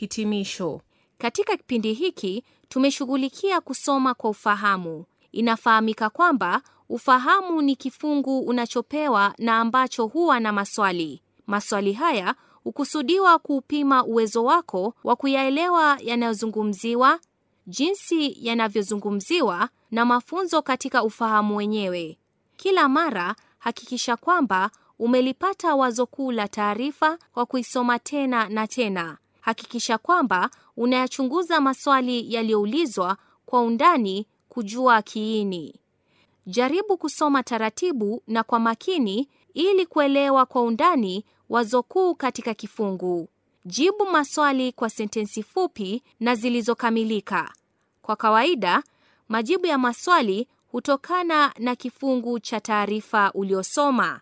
Hitimisho. Katika kipindi hiki tumeshughulikia kusoma kwa ufahamu. Inafahamika kwamba ufahamu ni kifungu unachopewa na ambacho huwa na maswali. Maswali haya hukusudiwa kuupima uwezo wako wa kuyaelewa yanayozungumziwa, jinsi yanavyozungumziwa na mafunzo katika ufahamu wenyewe. Kila mara hakikisha kwamba umelipata wazo kuu la taarifa kwa kuisoma tena na tena. Hakikisha kwamba unayachunguza maswali yaliyoulizwa kwa undani kujua kiini. Jaribu kusoma taratibu na kwa makini ili kuelewa kwa undani wazo kuu katika kifungu. Jibu maswali kwa sentensi fupi na zilizokamilika. Kwa kawaida, majibu ya maswali hutokana na kifungu cha taarifa uliosoma.